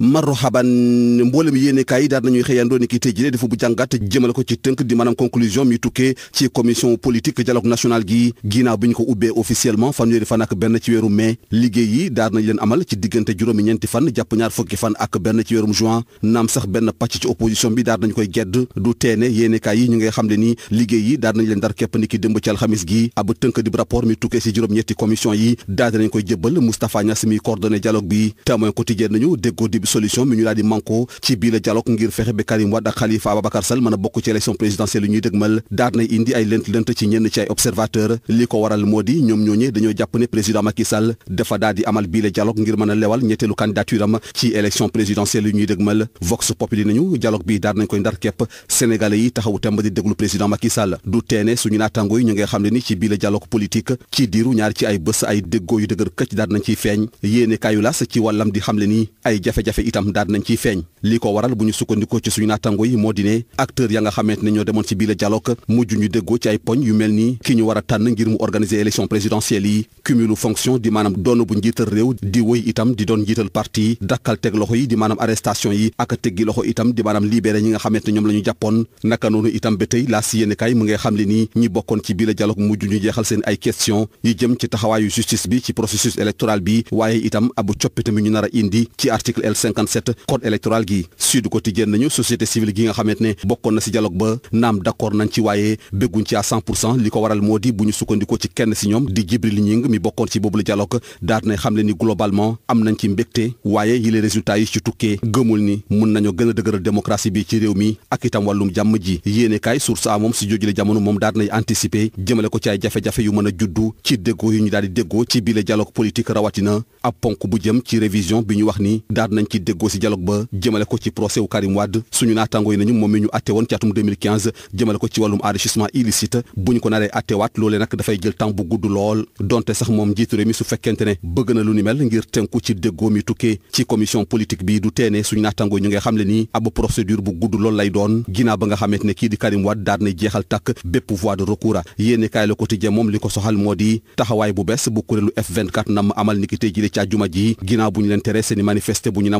marhaban mboolem yéenekaay yi daal nañuy xëyandoo ni ki tey jii dafa bu jàngat jëmale ko ci tënk di maanaam conclusion mi tukkee ci commission politique dialogue national gi ginnaaw bi ñu ko ubbee officiellement fanweeri fan ak benn ci weeru mai liggéey yi daal nañ leen amal ci diggante juróomi ñeenti fan jàpp ñaar fukki fan ak benn ci weerum juin naam sax benn pàcc ci opposition bi daal nañ koy gedd du teene yéenekaay yi ñu ngay xam ne solution bi ñu daal di manko ci biir dialogue ngir fexe ba Karim Wade ak Khalifa Ababacar Sall mën a bokk ci élection présidentielle yi ñuy dëgmal daar nay indi ay lënt-lënt ci ñenn ci ay observateur li ko waral moo di ñoom ñooñee dañoo jàpp ne président Macky Sall dafa daal di amal la dialogue ngir mën a lewal ñetteelu candidature am ci élection présidentielle yi ñuy dëgmal Vox Populi nañu dialogue bi daar nañ koy ndar képp yi taxawu temb jafe-jafe itam daal nañ ciy feeñ li ko waral bu ñu sukkandikoo ci suñu naatango yi moo di ne acteur ya nga xamante ne ñoo demoon ci biir dialogue mujj ñu déggoo ci ay poñ yu mel ni ki ñu war a tànn ngir mu organiser élection présidentielle yi cumulu fonction di maanaam doon bu njiital réew di woy itam di doon njiital parti dakkal teg loxo yi di maanaam arrestation yi ak teggi loxo itam di maanaam libéré ñi nga xamante ne ñoom la jàppoon naka noonu itam mu ngay xam le ni ñi bokkoon ci biir dialogue mujj ñu jeexal seen 57 code électoral gi Sud Quotidien nañu société civile gi nga xamante ne bokkoon na si dialogue ba naam d'accord nañ ci waaye bégguñ ci li ko waral moo bu ñu sukkandikoo ci kenn si ñoom di Jibril Ñing mi bokkoon ci boobu la dialogue daat na xam le ni globalement am nañ ci mbégte waaye yi les résultats yi ci tukkee gëmul ni mun nañoo gën a dëgëral démocratie bi ci réew mi ak itam wàllum jàmm ji yéene kaay source moom si jójule jamono moom daat nay anticiper jëmale ko ci ay jafe-jafe yu mën a juddu ci déggoo yu ñu daal di déggoo ci biile dialogue politique rawatina ab ponk bu jëm ci révision bi ñu wax ni daat nañ ci déggoo si dialogue ba jëmale ko ci procès wu Karim Wade suñu naataango yi nañu moom mi ñu atte woon ci jëmale ko ci wàllum enrichissement illicite bu ñu ko naree attewaat loolee nag dafay jël temps bu gudd lool donte sax moom njiitu réew mi su fekkente ne bëgg na lu ni mel ngir tënku ci déggoo mi tukkee ci commission politique bi du teene suñu naataango yi ñu ngay xam le nii ab bu gudd lool lay doon ginnaaw ba nga xamante ne kii di Karim Wade a yéeni kaay le moo di taxawaay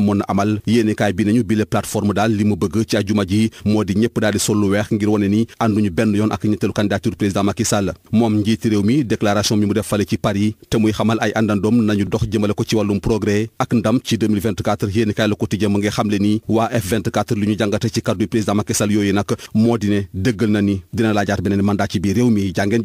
namoon na amal yéenekaay bi nañu bile plateforme daal li mu bëgg ci ajuma ji moo di ñëpp daal di sol lu weex ngir wane ni ànduñu benn yoon ak ñetteelu candidature président Macky Sall moom njiiti réew mi déclaration bi mu def fale ci Paris te muy xamal ay àndandoom nañu dox jëmale ko ci wàllum progrès ak ndam ci 2024 yéenekaay Le Quotidien mu ngi xamle ni waa F24 li ñu jàngate ci kàddu président Macky Sall yooyu nag moo di ne dëggal na ni dina laajaat beneen mandat ci biir réew mi jàngeen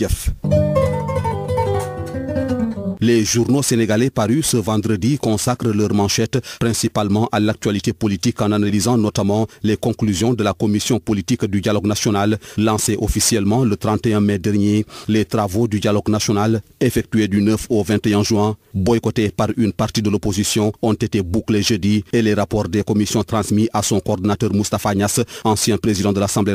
Les journaux sénégalais parus ce vendredi consacrent leur manchette principalement à l'actualité politique en analysant notamment les conclusions de la commission politique du dialogue national lancée officiellement le 31 mai dernier. Les travaux du dialogue national effectués du 9 au 21 juin, boycottés par une partie de l'opposition, ont été bouclés jeudi et les rapports des commissions transmis à son coordinateur Moustapha Niass, ancien président de l'Assemblée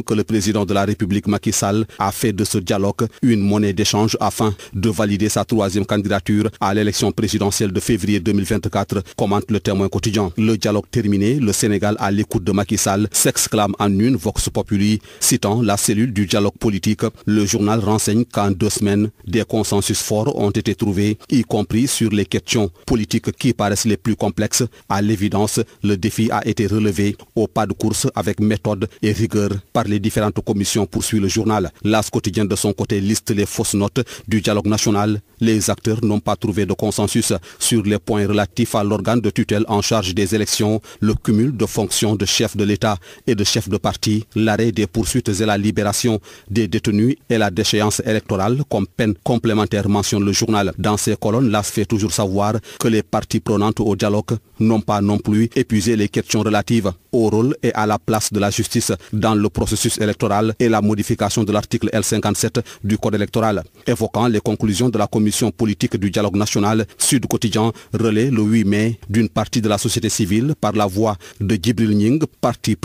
affirme que le président de la République Macky a fait de ce dialogue une monnaie d'échange afin de valider sa troisième candidature à l'élection présidentielle de février commente le témoin quotidien. Le dialogue terminé, le Sénégal à l'écoute de Macky s'exclame en une Vox Populi, citant la cellule du dialogue politique. Le journal renseigne qu'en deux semaines, des consensus forts ont été trouvés, y compris sur les questions politiques qui paraissent les différentes commissions, poursuit le journal. L'As quotidien de son côté liste les fausses notes du dialogue national. Les acteurs n'ont pas trouvé de consensus sur les points relatifs à l'organe de tutelle en charge des élections, le cumul de fonctions de chef de l'État et de chef de parti, l'arrêt des poursuites et la libération des détenus et la déchéance électorale comme peine complémentaire mentionne le journal. Dans ces colonnes, l'AS fait processus électoral et la modification de l'article L57 du Code électoral. Évoquant les conclusions mai d'une partie de la société civile par la voix de Djibril Ning, partie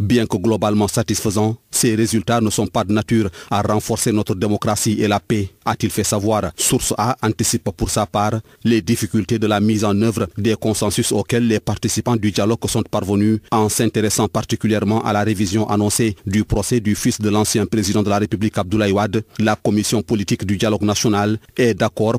Bien que globalement satisfaisants, ces résultats ne sont pas de nature à renforcer notre démocratie et la paix, a-t-il fait savoir. Source A anticipe pour sa part les difficultés de la mise en œuvre des consensus auxquels les participants du dialogue sont parvenus en s'intéressant particulièrement à la révision annoncée du procès du fils de l'ancien président de la République Abdoulaye Wade. La commission politique du dialogue national est d'accord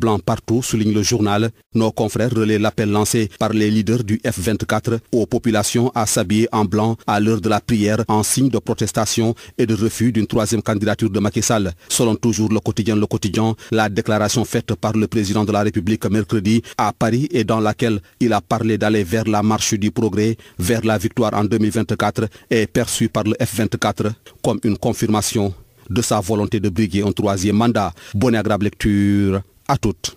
blancs partout, souligne le journal. Nos confrères relaient l'appel lancé par les leaders du f aux populations à s'habiller en blanc à l'heure de la prière en signe de protestation et de refus d'une troisième candidature de Macky Sall. Selon toujours le quotidien Le Quotidien, la déclaration faite par le président de la République mercredi à Paris et dans laquelle il a parlé d'aller vers la marche du progrès, vers la victoire en 2024 perçue par le F24 de sa volonté à toutes